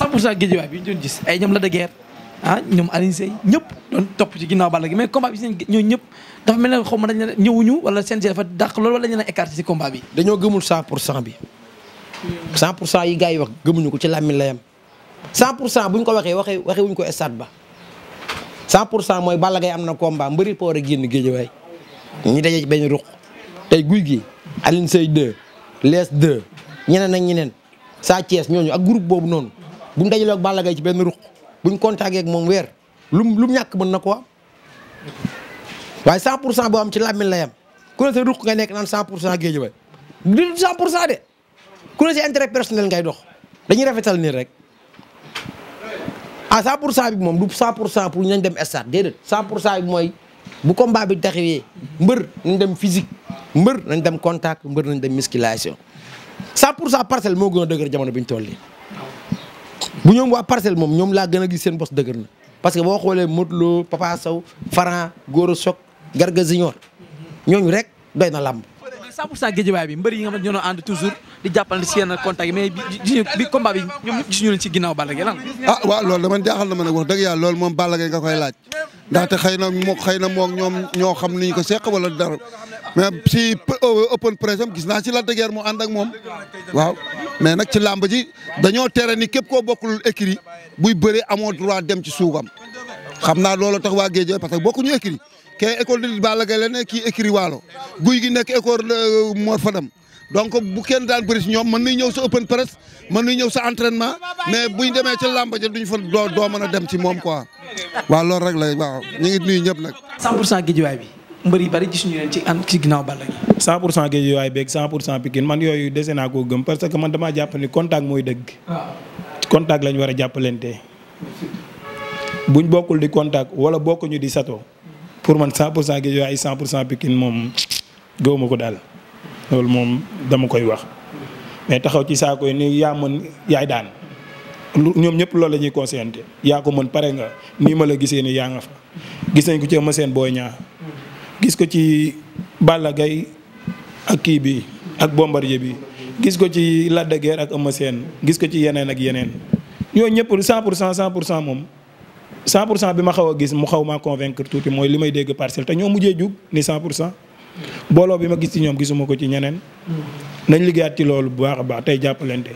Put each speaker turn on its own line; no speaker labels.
100% Guédiawaye bi ñu doon gis ay ñoom la de guerre ah ñoom Alioune Seye ñëpp doon topp ci ginnaaw Balla gi mais combat bi seen ñoo ñëpp dafa mel ne xaw ma dañ ñëwuñu wala seen dafa dàq loolu wala dañ leen a écarté ci combat bi. dañoo gëmul 100% bi
100% yi gars yi wax gëmuñu ko ci làmmiñ la yam 100% buñ ko waxee waxee waxee wuñ ko stade ba 100% mooy Balla Gaye am na combat mbëri poore génn Guédiawaye ñu daje ci benn ruq tey guy gi Alioune Seye 2 lees 2 ñeneen ak ñeneen Sa Thiès ñooñu ak groupe boobu noonu. bu ñu dajalee ak Balla Gaye ci benn ruq bu ñu contacté ak moom weer lu mu lu mu ñàkk mën na ko am waaye 100 pour cent boo am ci làmmiñ lay am ku ne sa ruq nga nekk naan 100 pour cent géej waay du 100 pour cent de ku ne sa intérêt personnel ngay dox dañuy rafetal nii rek ah 100 pour cent bi moom du 100 pour cent pour nañ dem stade déedéet 100 pour cent bi mooy bu combat bi taxawee mbër nañ dem physique mbër nañ dem contact mbër nañ dem musculation 100 pour cent parcelle moo gën a dëgër jamono bi ñu toll nii bu ñoom waa parcelle moom ñoom laa gën a gis seen bos dëgër na parce que boo xoolee Modou Lo Papa Sow Franc Goro Sock Garga Junior ñooñu rek doy na làmb.
100 pour cent géejewaay bi mbëri yi nga xam ne ñoo ànd jàppal si yenn contact bi bi combat bi ñoom gis ñu leen ci ginnaaw
Balla Gaye ah waaw loolu dama jaaxal na ma nag wax dëgg yàlla loolu moom Balla Gaye nga koy laaj ndaxte xëy na xëy na moom ñoom ñoo xam ni ko seq walla dara mais si open press am gis naa si la dëgër mu ànd ak moom waaw. mais nag ci làmb ji dañoo tere ni képp koo bokkul écrit buy bëree amoo droit dem ci suugam xam naa loolu tax waa géej parce que bokkuñu écrit kee école de lutte Balla Gaye la ne kii écrit waalo guy gi nekk école euh, Mor Fadam donc bu kenn daan bëri si ñoom mën nañ ñëw sa open press mën nañ ñëw sa entraînement mais buy demee ci làmb ja duñ fa doo doo mën a dem ci moom quoi waaw lool rek la waaw ñu ngi ñëpp nag.
100 pour cent géejuwaay bi. mbër yi bari gisuñu leen ci an ci ginnaaw Balla gi. 100 pour cent Guédiawaye beeg 100 pour cent Pikine man yooyu dese naa koo gëm parce que man damaa jàpp ni contact mooy dëgg. contact lañ war a jàppalante. buñ bokkul di contact wala bokkuñu di sato pour man 100 pour cent Guédiawaye 100 pour cent Pikine moom gëwuma ko daal loolu moom dama koy wax. mais taxaw ci saako yi ni yaa mën yaay daan ñoom ñëpp loolu la ñuy consciente yaa ko mën pare nga nii ma la gisee ni yaa nga fa gis nañ ko ci ma seen ñaa gis ko ci Balla Gaye ak kii bi ak Bombardier bi gis ko ci Lac de Guiers ak Eumeu seen gis ko ci yeneen ak yeneen ñooñu ñëpp 100 pour cent 100 pour cent moom 100 pour cent bi ma xaw a gis mu xaw maa convaincre tuuti mooy li may dégg parcelle te ñoo mujjee jug ni 100 pour cent booloo bi ma gis ci ñoom gisuma ko ci ñeneen. nañ liggéeyaat ci loolu bu baax a baax tey jàppalante